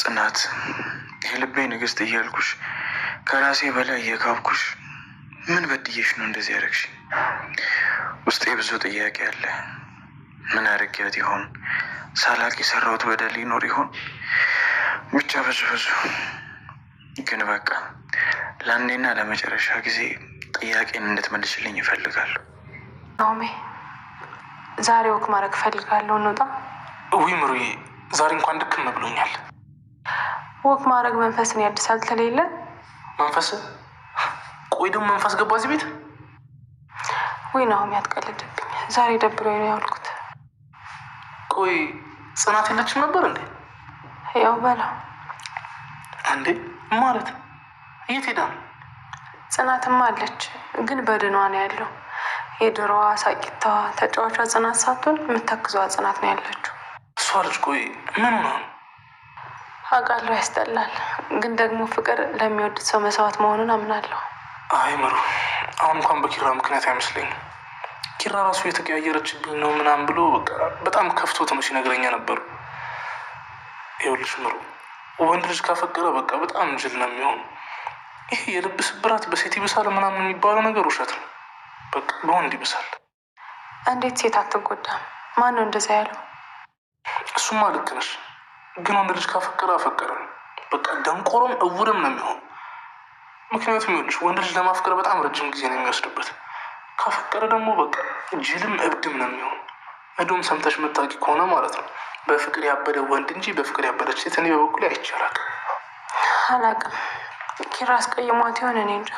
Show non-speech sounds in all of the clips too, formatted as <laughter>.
ጽናት የልቤ ንግስት እያልኩሽ ከራሴ በላይ እየካብኩሽ ምን በድየሽ ነው እንደዚህ ያደረግሽ? ውስጤ ብዙ ጥያቄ አለ። ምን አድርጊያት ይሆን? ሳላቅ የሰራሁት በደል ይኖር ይሆን? ብቻ ብዙ ብዙ ግን በቃ ለአንዴና ለመጨረሻ ጊዜ ጥያቄን እንድትመልሽልኝ ይፈልጋሉ። ናሜ ዛሬ ወክ ማድረግ እፈልጋለሁ። እንውጣ። ውይ ምሩዬ፣ ዛሬ እንኳን ድክም ብሎኛል። ወክ ማድረግ መንፈስን ያድሳል ተለይለ መንፈስ ቆይ ደግሞ መንፈስ ገባ እዚህ ቤት ወይ ነው ያትቀልድብኝ። ዛሬ ደብሮኝ ነው ያልኩት። ቆይ ጽናት የለችም ነበር እንዴ? ያው በላ እንዴ ማለት የት ሄዳ ነው? ጽናትም አለች፣ ግን በድኗ ነው ያለው። የድሮዋ ሳቂታዋ ተጫዋቿ ጽናት ሳትሆን የምታክዟ ጽናት ነው ያለችው። እሷ ልጅ ቆይ ምን ነው አውቃለሁ ያስጠላል፣ ግን ደግሞ ፍቅር ለሚወድ ሰው መስዋዕት መሆኑን አምናለሁ። አይ ምሩ፣ አሁን እንኳን በኪራ ምክንያት አይመስለኝም። ኪራ ራሱ የተቀያየረችብኝ ነው ምናምን ብሎ በጣም ከፍቶ ትንሽ ነገረኛ ነበሩ። ይኸውልሽ ምሩ፣ ወንድ ልጅ ካፈቀረ በቃ በጣም ጅል ነው የሚሆኑ። ይሄ የልብ ስብራት በሴት ይብሳል ምናምን የሚባለው ነገር ውሸት ነው። በቃ በወንድ ይብሳል። እንዴት ሴት አትጎዳም? ማን ነው እንደዛ ያለው? እሱማ ልክ ነሽ። ግን ወንድ ልጅ ካፈቀረ አፈቀረ በቃ ደንቆሮም እውርም ነው የሚሆን። ምክንያቱም ይኸውልሽ ወንድ ልጅ ለማፍቀር በጣም ረጅም ጊዜ ነው የሚወስድበት። ካፈቀረ ደግሞ በቃ ጅልም እብድም ነው የሚሆን። እንደውም ሰምተሽ መታቂ ከሆነ ማለት ነው በፍቅር ያበደ ወንድ እንጂ በፍቅር ያበደች ሴት እኔ በበኩሌ አይቼ አላውቅም። አላውቅም ኪራ አስቀይሟት ይሆን እኔ እንጃ።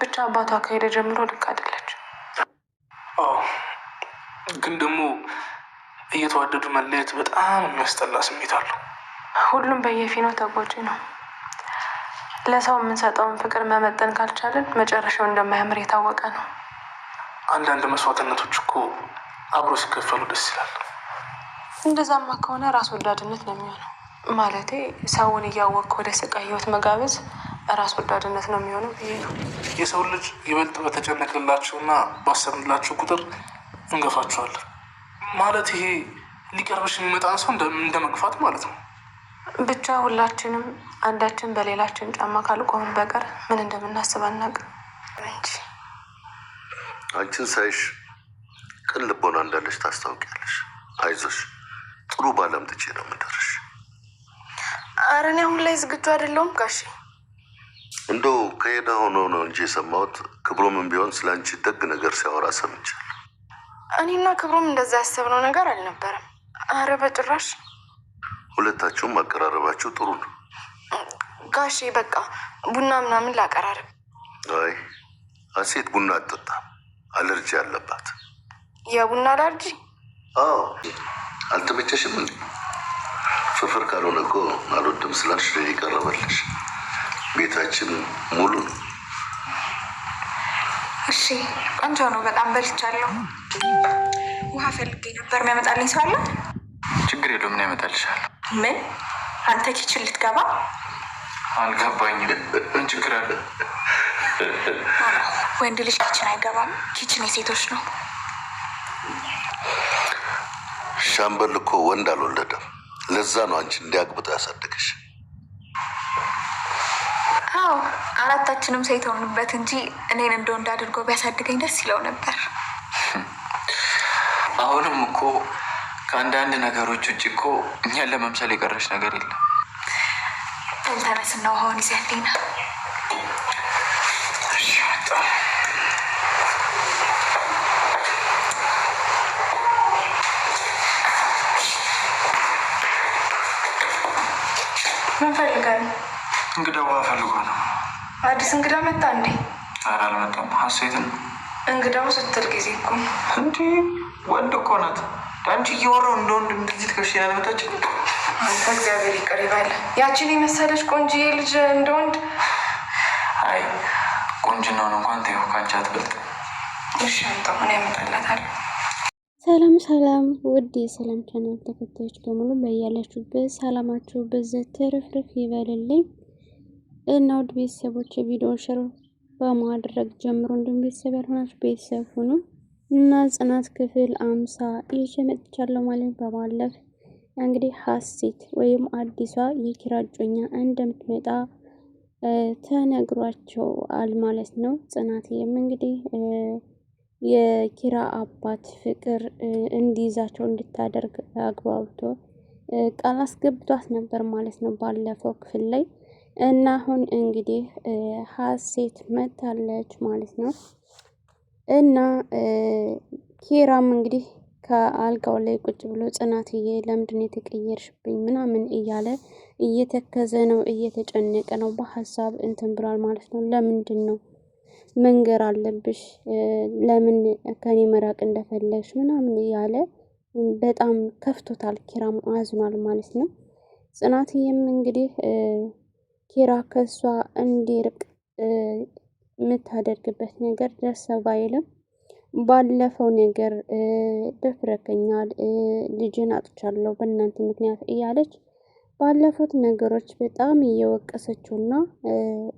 ብቻ አባቷ ከሄደ ጀምሮ ልክ አይደለች። ግን ደግሞ እየተዋደዱ መለየት በጣም የሚያስጠላ ስሜት አለው። ሁሉም በየፊናው ተጎጂ ነው። ለሰው የምንሰጠውን ፍቅር መመጠን ካልቻለን መጨረሻው እንደማያምር የታወቀ ነው። አንዳንድ መስዋዕትነቶች እኮ አብሮ ሲከፈሉ ደስ ይላል። እንደዛማ ከሆነ ራስ ወዳድነት ነው የሚሆነው። ማለቴ ሰውን እያወቅክ ወደ ስቃይ ህይወት መጋበዝ ራስ ወዳድነት ነው የሚሆነው ብዬ ነው። የሰው ልጅ ይበልጥ በተጨነቅንላቸውና ባሰብንላቸው ቁጥር እንገፋቸዋለን። ማለት ይሄ ሊቀርብሽ የሚመጣን ሰው እንደ መግፋት ማለት ነው። ብቻ ሁላችንም አንዳችን በሌላችን ጫማ ካልቆምን በቀር ምን እንደምናስብ አናውቅም እንጂ አንቺን ሳይሽ ቅን ልቦና እንዳለሽ ታስታውቂያለሽ። አይዞሽ ጥሩ ባለም ትቼ ነው የምደርሽ። ኧረ እኔ አሁን ላይ ዝግጁ አይደለሁም ጋሼ። እንደው ከሄደ ሆኖ ነው እንጂ የሰማሁት ክብሮምን ቢሆን ስለ አንቺ ደግ ነገር ሲያወራ ሰምቻል። እኔና ክብሮም እንደዛ ያሰብነው ነገር አልነበረም። አረ በጭራሽ። ሁለታችሁም አቀራረባችሁ ጥሩ ነው። ጋሼ በቃ ቡና ምናምን ላቀራርብ። አይ አሴት ቡና አትጠጣም፣ አለርጂ አለባት። የቡና አለርጂ? አዎ አልተመቸሽም እንዴ? ፍርፍር ካልሆነ እኮ አልወድም ስላልሽ ነው ቤታችን ሙሉ ነው። እሺ፣ ቆንጆ ነው። በጣም በልቻለሁ። ውሃ ፈልጌ ነበር። የሚያመጣልኝ ሰው አለ? ችግር የለውም። ምን ያመጣልሻል? ምን አንተ ኪችን ልትገባ? አልገባኝም። ምን ችግር አለ? ወንድ ልጅ ኪችን አይገባም። ኪችን የሴቶች ነው። ሻምበል እኮ ወንድ አልወለደም። ለዛ ነው አንቺ እንዲያግብታ ያሳደገሽ። አራታችንም ሴት ሆንበት እንጂ እኔን እንደ ወንድ አድርጎ ቢያሳድገኝ ደስ ይለው ነበር። አሁንም እኮ ከአንዳንድ ነገሮች ውጭ እኮ እኛን ለመምሰል የቀረች ነገር የለም። ተነስና ውሃውን ይዘልኝ ነው ምን ፈልጋለሁ? እንግዳ ውሃ ፈልጎ ነው። አዲስ እንግዳ መጣ እንዴ? ኧረ አልመጣም። ሀሴት ነው እንግዳው ስትል ጊዜ እኮ እንዲ ወንድ እኮ ናት። አንቺ እየወራው እንደ ወንድ እንደዚህ ትከሽ ያለመታች አንተ እግዚአብሔር ይቅር ይበል። ያችን የመሰለች ቆንጆ ልጅ እንደ ወንድ አይ ቆንጅናውን እንኳን ተይው፣ ካንቺ አትበልጥ። እሺ አንተ ምን ያመጣላታል? ሰላም ሰላም፣ ውድ የሰላም ቻናል ተከታዮች በሙሉ በያላችሁበት ሰላማችሁ በዘ ትርፍርፍ ይበልልኝ። እና ውድ ቤተሰቦች የቪዲዮ ሽር በማድረግ ጀምሮ እንዲሁም ቤተሰብ ያልሆናችሁ ቤተሰብ ሁኑ እና ጽናት ክፍል አምሳ ይዤ መጥቻለሁ ማለት በማለፍ እንግዲህ ሀሴት ወይም አዲሷ የኪራ እጮኛ እንደምትመጣ አል ማለት ነው። ጽናትም እንግዲህ የኪራ አባት ፍቅር እንዲይዛቸው እንድታደርግ አግባብቶ ቃል አስገብቷት ነበር ማለት ነው ባለፈው ክፍል ላይ እና አሁን እንግዲህ ሀሴት መታለች ማለት ነው። እና ኪራም እንግዲህ ከአልጋው ላይ ቁጭ ብሎ ጽናትዬ ለምንድን የተቀየርሽብኝ ምናምን እያለ እየተከዘ ነው፣ እየተጨነቀ ነው። በሀሳብ እንትን ብሏል ማለት ነው። ለምንድን ነው መንገር አለብሽ ለምን ከኔ መራቅ እንደፈለግሽ ምናምን እያለ በጣም ከፍቶታል። ኪራም አዝኗል ማለት ነው። ጽናትዬም እንግዲህ ኪራ ከእሷ እንዲርቅ የምታደርግበት ነገር ደርሰ ባይልም ባለፈው ነገር ደፍረከኛል፣ ልጅን አጥቻለሁ በእናንተ ምክንያት እያለች ባለፉት ነገሮች በጣም እየወቀሰችውና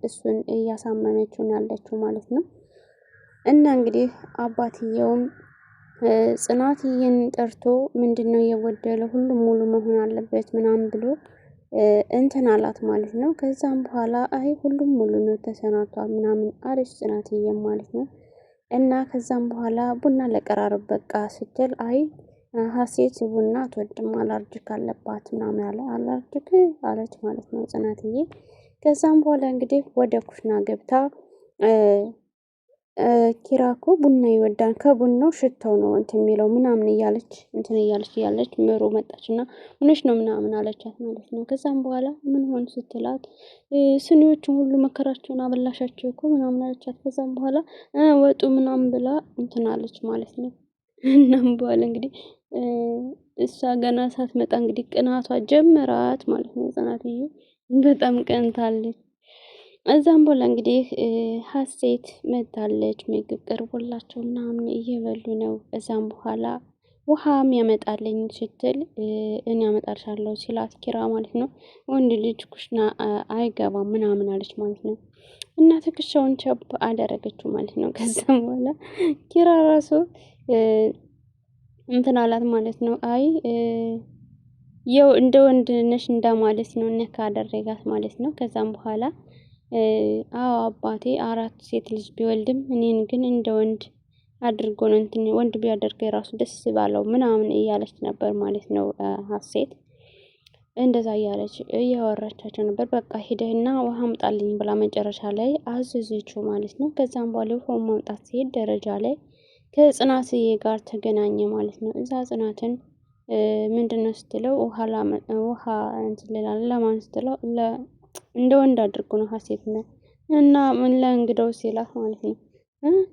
እሱን እያሳመመችው ያለችው ማለት ነው። እና እንግዲህ አባትየውም ጽናት ይህን ጠርቶ ምንድን ነው የጎደለ ሁሉም ሙሉ መሆን አለበት ምናምን ብሎ እንትን አላት ማለት ነው። ከዛም በኋላ አይ ሁሉም ሙሉ ነው ተሰናቷል ምናምን አለች ጽናትዬ ማለት ነው። እና ከዛም በኋላ ቡና ለቀራረብ በቃ ስትል አይ ሀሴት ቡና አትወድም አላርጅክ አለባት ምናምን አለ አላርጅክ አለች ማለት ነው ጽናትዬ። ከዛም በኋላ እንግዲህ ወደ ኩሽና ገብታ ኪራ እኮ ቡና ይወዳል ከቡናው ሽታው ነው እንትን የሚለው ምናምን እያለች እንትን እያለች እያለች ምሩ መጣች እና ምንሽ ነው ምናምን አለቻት ማለት ነው። ከዛም በኋላ ምን ሆን ስትላት ስኒዎችን ሁሉ መከራቸውን አበላሻቸው እኮ ምናምን አለቻት። ከዛም በኋላ ወጡ ምናምን ብላ እንትን አለች ማለት ነው። እናም በኋላ እንግዲህ እሷ ገና ሳትመጣ እንግዲህ ቅናቷ ጀመራት ማለት ነው። ጽናትዬ በጣም ቀንታለች። እዛም በኋላ እንግዲህ ሀሴት መታለች ምግብ ቀርቦላቸው ምናምን እየበሉ ነው። እዛም በኋላ ውሃም ያመጣልኝ ስትል እኔ ያመጣልሻለሁ ሲላት ኪራ ማለት ነው ወንድ ልጅ ኩሽና አይገባም ምናምን አለች ማለት ነው። እና ትከሻውን ቸብ አደረገችው ማለት ነው። ከዛም በኋላ ኪራ ራሱ እንትን አላት ማለት ነው። አይ የው እንደ ወንድ ነሽ ነው እነካ አደረጋት ማለት ነው። ከዛም በኋላ አዎ አባቴ አራት ሴት ልጅ ቢወልድም እኔን ግን እንደ ወንድ አድርጎ ነው እንትን ወንድ ቢያደርገ የራሱ ደስ ባለው ምናምን እያለች ነበር ማለት ነው ሀሴት እንደዛ እያለች እያወራቻቸው ነበር። በቃ ሂደህና ውሃ አምጣልኝ ብላ መጨረሻ ላይ አዘዘችው ማለት ነው። ከዛም በኋላ ውሃ ማምጣት ሲሄድ ደረጃ ላይ ከጽናትዬ ጋር ተገናኘ ማለት ነው። እዛ ጽናትን ምንድነው ስትለው ውሃ ለማን ስትለው እንደ ወንድ አድርጎ ነው ሀሴት ነው እና ምን ለእንግዳው ሲላት ማለት ነው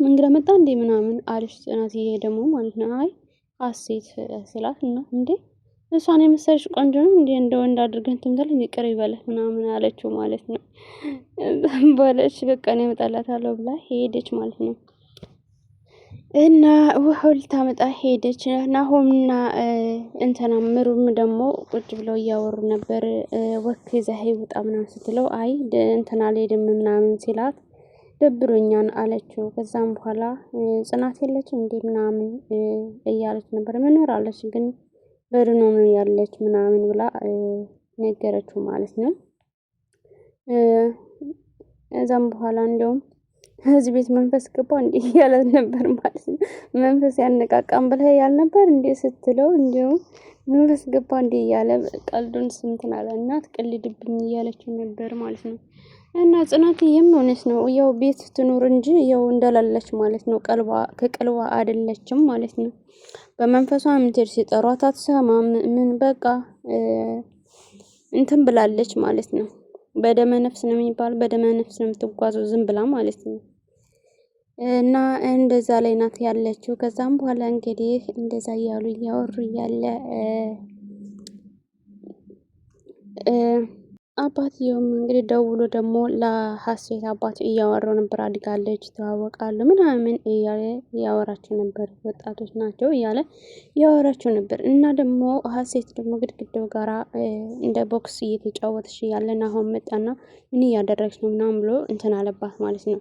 እንግዳ መጣ እንዴ ምናምን አለች ጽናትዬ ደግሞ ማለት ነው። አይ ሀሴት ሲላት እና እንዴ እሷን የመሰለች ቆንጆ ነው እንዴ እንደ ወንድ አድርገን ትምታል ይቅር ይበለ ምናምን አለችው ማለት ነው። በለች በቃ ነው እመጣላታለሁ ብላ ሄደች ማለት ነው። እና ውሃው ልታመጣ ሄደች። ናሆምና እንትና ምሩም ደግሞ ቁጭ ብለው እያወሩ ነበር። ወክ ዛሄ ውጣ ምናምን ስትለው አይ እንትና አልሄድም ምናምን ሲላት ደብሮኛን አለችው። ከዛም በኋላ ጽናት የለች እንዴ ምናምን እያለች ነበር። አለች ግን በድኖ ነው ያለች ምናምን ብላ ነገረችው ማለት ነው። እዛም በኋላ እንዲያውም እዚህ ቤት መንፈስ ገባ እንዲ <laughs> ያላት ነበር ማለት ነው። መንፈስ ያነቃቃም ብለህ ነበር እንዴ ስትለው፣ እንዲሁም መንፈስ ገባ እንዲ እያለ ቀልዱን ስንትን አለ። እናት ቀልድብኝ እያለችው ነበር ማለት ነው። እና ጽናት ይህም ነው። ያው ቤት ትኑር እንጂ ያው እንደላለች ማለት ነው። ቀልባ ከቀልቧ አይደለችም ማለት ነው። በመንፈሷ ምትሄድ ሲጠሯት አትሰማም። ምን በቃ እንትን ብላለች ማለት ነው። በደመ ነፍስ ነው የሚባለው። በደመ ነፍስ ነው የምትጓዘው ዝም ብላ ማለት ነው። እና እንደዛ ላይ ናት ያለችው። ከዛም በኋላ እንግዲህ እንደዛ እያሉ እያወሩ እያለ አባትየውም እንግዲህ ደውሎ ደግሞ ለሀሴት አባት እያወራው ነበር። አድጋለች፣ ይተዋወቃሉ ምናምን እያለ እያወራቸው ነበር። ወጣቶች ናቸው እያለ እያወራቸው ነበር። እና ደግሞ ሀሴት ደግሞ ግድግዳው ጋራ እንደ ቦክስ እየተጫወተች እያለ ናሆም መጣና ምን እያደረግች ነው ምናምን ብሎ እንትን አለባት ማለት ነው።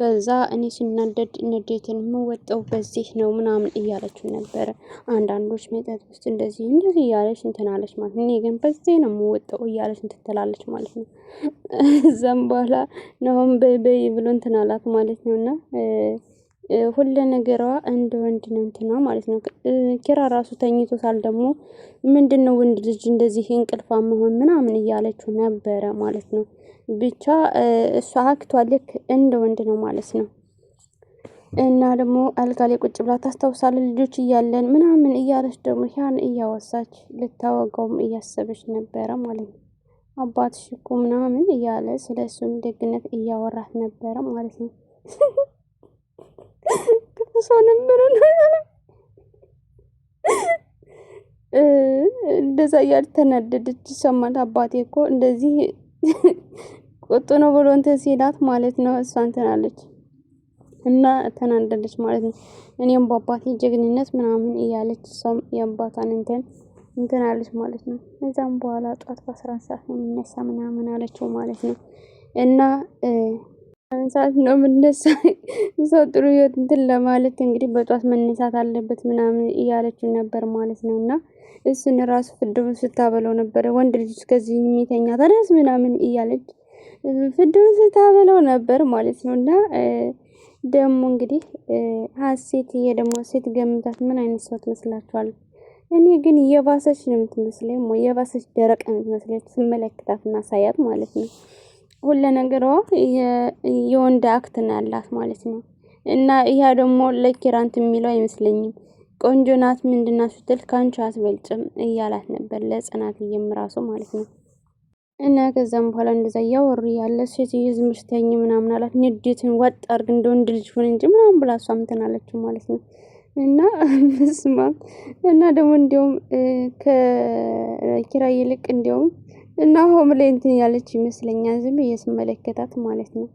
በዛ እኔ ስናደድ ንዴትን የምወጣው በዚህ ነው ምናምን እያለችው ነበረ። አንዳንዶች መጠጥ ውስጥ እንደዚህ እንደዚህ እያለች እንትናለች ማለት ነው፣ እኔ ግን በዚህ ነው የምወጣው እያለች እንትትላለች ማለት ነው። እዛም በኋላ ነውም በይ በይ ብሎ እንትናላት ማለት ነው እና ሁለ ነገሯ እንደ ወንድ ነው እንትና ማለት ነው። ኪራ ራሱ ተኝቶታል። ደግሞ ምንድን ነው ወንድ ልጅ እንደዚህ እንቅልፋ መሆን ምናምን እያለችው ነበረ ማለት ነው። ብቻ እሷ አክቷ ልክ እንደ ወንድ ነው ማለት ነው። እና ደግሞ አልጋ ላይ ቁጭ ብላ ታስታውሳለች። ልጆች እያለን ምናምን እያለች ደግሞ ያን እያወሳች ልታወጋውም እያሰበች ነበረ ማለት ነው። አባትሽ እኮ ምናምን እያለ ስለ እሱም ደግነት እያወራት ነበረ ማለት ነው። <laughs> ከፈሷ ነበረ እንደዛ እያል ተናደደች። ይሰማል። አባቴ እኮ እንደዚህ ቆጡ ነው ብሎ እንትን ሲላት ማለት ነው እሷ እንትን አለች እና ተናደደች ማለት ነው። እኔም በአባቴ ጀግንነት ምናምን እያለች እሷም የአባቷን እንትን እንትን አለች ማለት ነው። እዛም በኋላ ጧት በአስራ አንድ ሰዓት ነው የምነሳ ምናምን አለችው ማለት ነው እና ሰዓት ነው የምነሳ። ሰው ጥሩ ህይወት እንትን ለማለት እንግዲህ በጧት መነሳት አለበት ምናምን እያለችው ነበር ማለት ነው። እና እሱን ራሱ ፍድውን ስታበለው ነበረ። ወንድ ልጅ እስከዚህ የሚተኛ ተነስ ምናምን እያለች ፍድውን ስታበለው ነበር ማለት ነው። እና ደግሞ እንግዲህ ሀሴት ይሄ ደግሞ ሴት ገምታት ምን አይነት ሰው ትመስላችኋል? እኔ ግን የባሰች ነው የምትመስለኝ። የባሰች ደረቅ ነው የምትመስለኝ ስመለከታትና ሳያት ማለት ነው። ሁለ ነገሯ የወንድ አክት ነው ያላት ማለት ነው። እና ይሄ ደግሞ ለኪራንት የሚለው አይመስለኝም። ቆንጆ ናት ምንድና ስትል ካንቺ አትበልጭም እያላት ነበር ለጽናት እየምራሱ ማለት ነው። እና ከዛም በኋላ እንደዛ እያወሩ ያለ ሴትዮ ዝም ስተኝ ምናምን አላት። ንዴትን ወጥ አድርግ እንደ ወንድ ልጅ ሆን እንጂ ምናምን ብላ እሷ እንትን አለችው ማለት ነው። እና ምስማ እና ደግሞ እንዲያውም ከኪራ ይልቅ እንዲያውም እና ሆም ላይ እንትን ያለች ይመስለኛል ዝም ብዬ ማለት ነው።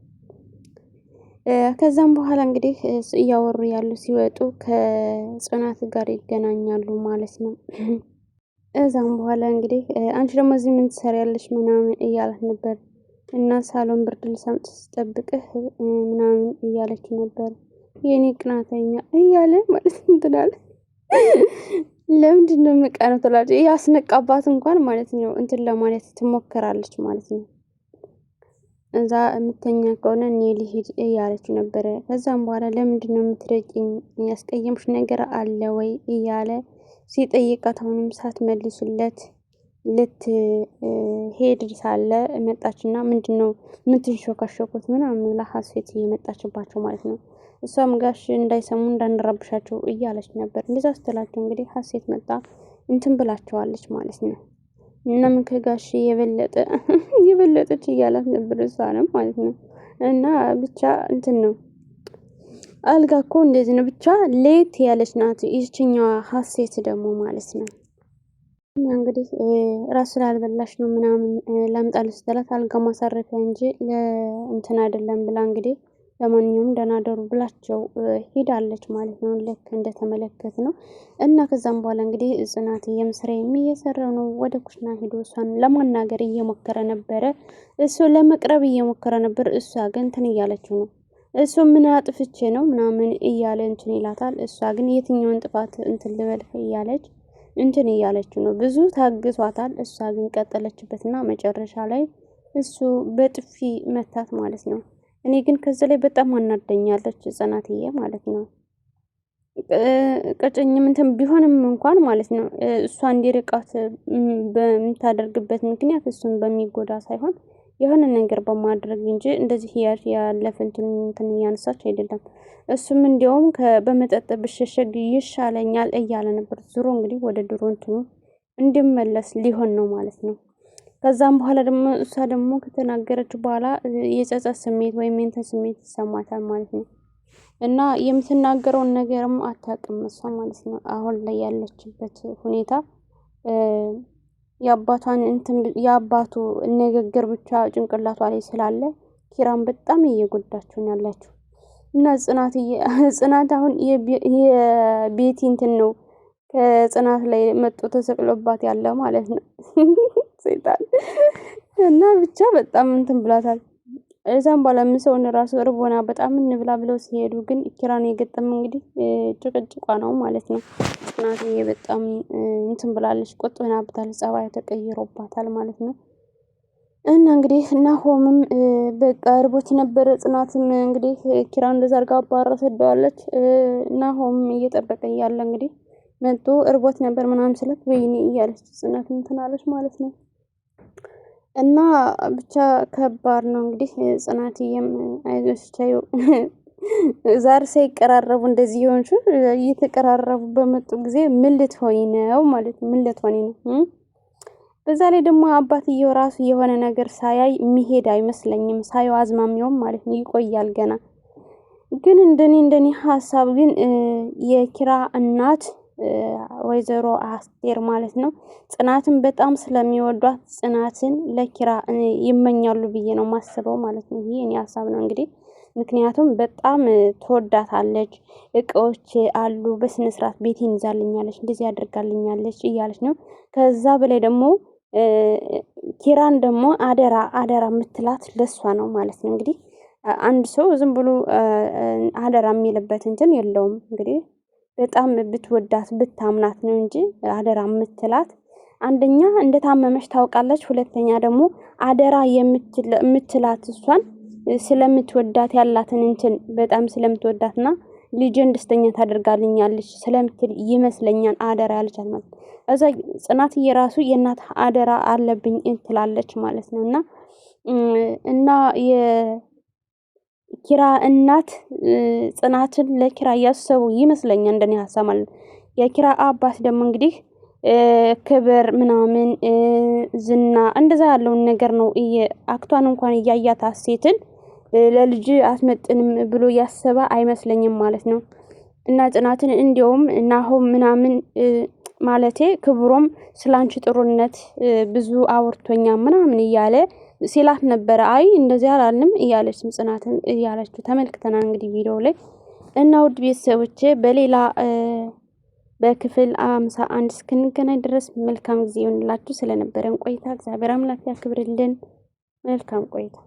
ከዛም በኋላ እንግዲህ እያወሩ ያሉ ሲወጡ ከጽናት ጋር ይገናኛሉ ማለት ነው። <clears throat> እዛም በኋላ እንግዲህ አንቺ ደግሞ እዚህ ምን ትሰሪያለሽ ምናምን እያላት ነበር እና ሳሎን ብርድ ልሳምጥ ስጠብቅህ ምናምን እያለች ነበር። የኔ ቅናተኛ እያለ ማለት እንትናል ለምንድን ነው የምቀነው? ትላለች ያስነቃባት እንኳን ማለት ነው እንትን ለማለት ትሞከራለች ማለት ነው። እዛ የምተኛ ከሆነ እኔ ልሂድ እያለች ነበረ። ከዛም በኋላ ለምንድን ነው የምትረቂኝ? ያስቀየምሽ ነገር አለ ወይ እያለ ሲጠይቃት አሁንም ሳትመልሱለት ልትሄድ ሳለ መጣችና ምንድን ነው የምትንሾካሾኩት ምናምን ብላ ሀሴት የመጣችባቸው ማለት ነው። እሷም ጋሽ እንዳይሰሙ እንዳንረብሻቸው እያለች ነበር። እንደዛ ስትላቸው እንግዲህ ሀሴት መጣ እንትን ብላቸዋለች ማለት ነው። እናም ከጋሽ የበለጠ <laughs> የበለጠች እያላት ነበር እሷንም ማለት ነው። እና ብቻ እንትን ነው አልጋ እኮ እንደዚህ ነው። ብቻ ሌት ያለች ናት ይችኛዋ ሀሴት ደግሞ ማለት ነው። እና እንግዲህ ራሱ ላልበላሽ ነው ምናምን ላምጣልሽ ስትላት አልጋ ማሳረፊያ እንጂ እንትን አይደለም ብላ እንግዲህ ለማንኛውም ደህና ደሩ ብላቸው ሄዳለች ማለት ነው። ልክ እንደተመለከት ነው እና ከዛም በኋላ እንግዲህ ጽናትዬም ስራዬም የሚየሰራ ነው። ወደ ኩሽና ሄዶ እሷን ለማናገር እየሞከረ ነበረ። እሱ ለመቅረብ እየሞከረ ነበር። እሷ ግን እንትን እያለችው ነው። እሱ ምን አጥፍቼ ነው ምናምን እያለ እንትን ይላታል። እሷ ግን የትኛውን ጥፋት እንትን ልበል እያለች እንትን እያለችው ነው። ብዙ ታግሷታል። እሷ ግን ቀጠለችበትና መጨረሻ ላይ እሱ በጥፊ መታት ማለት ነው። እኔ ግን ከዚ ላይ በጣም አናደኛለች ጽናትዬ ማለት ነው። ቀጭኝም እንትን ቢሆንም እንኳን ማለት ነው እሷ እንዲርቃት በምታደርግበት ምክንያት እሱን በሚጎዳ ሳይሆን የሆነ ነገር በማድረግ እንጂ እንደዚህ ያለፈ እንትን እያነሳች አይደለም። እሱም እንዲያውም በመጠጥ ብሸሸግ ይሻለኛል እያለ ነበር። ዙሮ እንግዲህ ወደ ድሮ እንትኑ እንዲመለስ ሊሆን ነው ማለት ነው። ከዛም በኋላ ደግሞ እሷ ደግሞ ከተናገረች በኋላ የጸጸት ስሜት ወይም የእንትን ስሜት ይሰማታል ማለት ነው። እና የምትናገረውን ነገርም አታውቅም እሷ ማለት ነው። አሁን ላይ ያለችበት ሁኔታ የአባቷን እንትን የአባቱ ንግግር ብቻ ጭንቅላቷ ላይ ስላለ ኪራን በጣም እየጎዳችሁን ያላችሁ እና ጽናት <laughs> ጽናት አሁን የቤቲ እንትን ነው ከጽናት ላይ መጡ ተሰቅሎባት ያለ ማለት ነው። <laughs> ሴጣን እና ብቻ በጣም እንትን ብላታል። እዛም ባለም ሰውን ራሱ እርቦና በጣም እንብላ ብለው ሲሄዱ ግን ኪራን የገጠመ እንግዲህ ጭቅጭቋ ነው ማለት ነው። ጽናትዬ በጣም እንትን ብላለች፣ ቁጡ ናብታል፣ ጸባይ ተቀይሮባታል ማለት ነው። እና እንግዲህ እና ሆምም በቃ እርቦች ነበረ። ጽናትም እንግዲህ ኪራን እንደዛ አድርጋ አባራ ሰደዋለች። ሆምም እየጠበቀ እያለ እንግዲህ መጡ እርቦት ነበር ምናምን ስለት ወይኔ እያለች ጽናት እንትን አለች ማለት ነው። እና ብቻ ከባድ ነው እንግዲህ ጽናትዬም አይዞሽ ቻየው <laughs> ዛሬ ሳይቀራረቡ እንደዚህ የሆንሽ እየተቀራረቡ በመጡ ጊዜ ምን ልትሆኝ ነው ማለት ምን ልትሆኝ ነው? በዛ ላይ ደግሞ አባትየው ራሱ የሆነ ነገር ሳያይ የሚሄድ አይመስለኝም። ሳየው አዝማሚውም ማለት ነው ይቆያል ገና። ግን እንደኔ እንደኔ ሀሳብ ግን የኪራ እናት ወይዘሮ አስቴር ማለት ነው ጽናትን በጣም ስለሚወዷት ጽናትን ለኪራ ይመኛሉ ብዬ ነው ማስበው ማለት ነው። ይህ እኔ ሀሳብ ነው እንግዲህ ምክንያቱም በጣም ትወዳታለች። እቃዎች አሉ በስነ ስርዓት ቤቴን ይዛልኛለች፣ እንደዚህ ያደርጋልኛለች እያለች ነው። ከዛ በላይ ደግሞ ኪራን ደግሞ አደራ አደራ የምትላት ለሷ ነው ማለት ነው። እንግዲህ አንድ ሰው ዝም ብሎ አደራ የሚልበት እንትን የለውም እንግዲህ በጣም ብትወዳት ብታምናት ነው እንጂ አደራ የምትላት አንደኛ እንደታመመች ታውቃለች። ሁለተኛ ደግሞ አደራ የምትላት እሷን ስለምትወዳት ያላትን እንትን በጣም ስለምትወዳትና ልጅን ደስተኛ ታደርጋልኛለች ስለምትል ይመስለኛል አደራ ያለቻት ማለት እዛ ጽናት የራሱ የእናት አደራ አለብኝ ትላለች ማለት ነው እና እና ኪራ እናት ጽናትን ለኪራ እያሰቡ ይመስለኛል፣ እንደኔ ሀሳብ ማለት ነው። የኪራ አባት ደግሞ እንግዲህ ክብር ምናምን ዝና እንደዛ ያለውን ነገር ነው። አክቷን እንኳን እያያት ሴትን ለልጅ አስመጥንም ብሎ እያሰበ አይመስለኝም ማለት ነው። እና ጽናትን እንዲያውም ናሆም ምናምን ማለቴ ክብሮም ስላንቺ ጥሩነት ብዙ አውርቶኛ ምናምን እያለ ሲላት ነበረ። አይ እንደዚህ አላልንም እያለች ጽናትን እያለችው ተመልክተና እንግዲህ ቪዲዮ ላይ እና ውድ ቤተሰቦቼ በሌላ በክፍል አምሳ አንድ እስክንገናኝ ድረስ መልካም ጊዜ ይሆንላችሁ። ስለነበረን ቆይታ እግዚአብሔር አምላክ ያክብርልን። መልካም ቆይታ